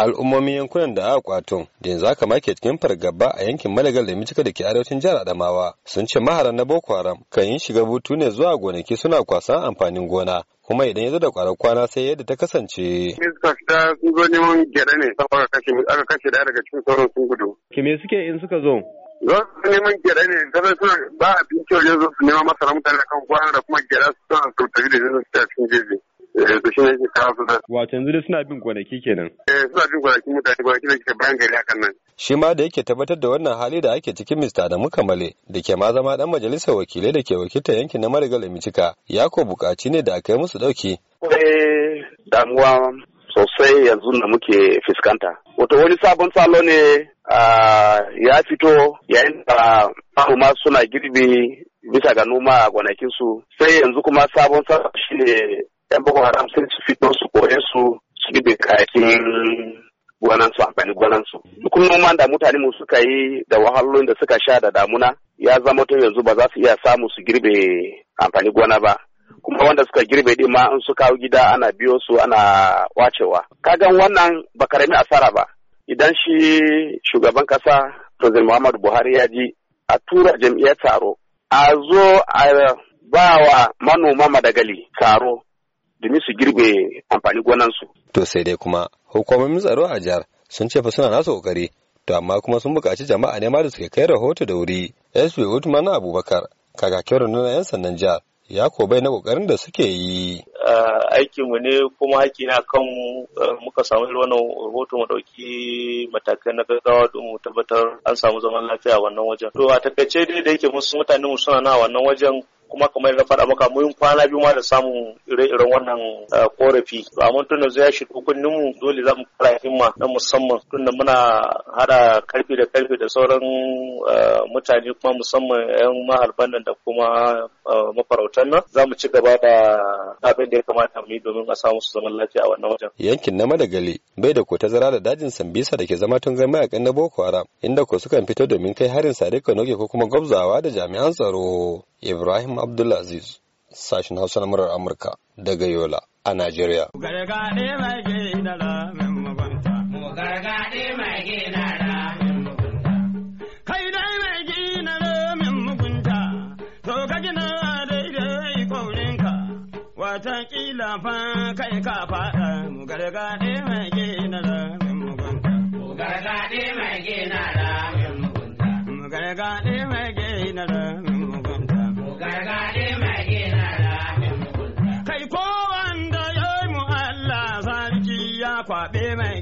al'ummomin yankunan da aka kwato da yanzu haka make cikin fargaba a yankin malagal da mijika da ke arewacin jihar adamawa sun ce maharan na boko haram kan yin shiga butu ne zuwa gonaki suna kwasan amfanin gona kuma idan ya zo da kwarar kwana sai yadda ta kasance. Suka fita sun zo neman gyaɗa ne saboda kashe aka kashe daya daga cikin sauran sun gudu. Ki me suke in suka zo? Zo su neman gyaɗa ne saboda suna ba abinci wajen zo su neman masara mutane kan kwana da kuma gyaɗa su tafi da su cikin jeji. to ne kawo su da wato yanzu dai suna bin gwanaki kenan eh suna bin gwanaki mutane gwanaki da ke bayan gari akan nan shi ma da yake tabbatar da wannan hali da ake cikin Mr. Adamu Kamale da ke ma zama dan majalisar wakilai da ke wakiltar yankin na Marigal Emicika ya ko bukaci ne da aka yi musu dauki eh damuwa sosai yanzu da muke fuskanta wato wani sabon salo ne ya fito yayin da manoma suna girbi bisa ga noma a gwanakinsu sai yanzu kuma sabon salo shine 'yan boko haram sai su fito su kore su su bi kayakin su, amfani gwanansu. Dukkan noman da mutane mu suka yi da wahalolin da suka sha da damuna ya zama to yanzu ba za su iya samu su girbe amfani gona ba. Kuma wanda suka girbe din ma in su kawo gida ana biyo su ana wacewa. Kagan wannan ba karami asara ba. Idan shi shugaban kasa President Muhammadu Buhari ya ji a tura jam'iyyar taro a zo a ba wa manoma madagali taro domin su girbe amfanin gonansu. To sai dai kuma hukumomin tsaro a jihar sun ce fa suna nasu kokari to amma kuma sun buƙaci jama'a ne ma da suke kai rahoto da wuri. SP Utman Abubakar kakakin rundunar 'yan sandan jihar ya ko bai na kokarin da suke yi. Aikinmu ne kuma haƙƙi na kan eh, muka samu wannan rahoto mu ɗauki matakai na gaggawa don mu tabbatar an samu zaman lafiya a wannan wajen. To a takaice dai da yake musu mutane mu suna na wannan wajen kuma kamar na faɗa maka mun kwana biyu ma da samun ire-iren wannan eh, korafi to amma tun yanzu ya shiga kunnin mu dole za mu fara himma na musamman tun da muna hada karfi da karfi da sauran eh, mutane kuma musamman yan mahalban nan da kuma eh, mafarautan nan za mu ci gaba da abin da ya kamata mu yi domin a samu su zaman lafiya a wannan wajen yankin na madagali bai da ko tazara da dajin sambisa da ke zama tun zama mayakan na boko haram inda ko sukan fito domin kai harin sadiq kanoge ko kuma gwabzawa da jami'an tsaro Ibrahim Abdulaziz, sashen Hausa na murar Amurka daga Yola a Najeriya. Wataƙila fa kai ka faɗa mu gargaɗe mai gina da kwaɓe man.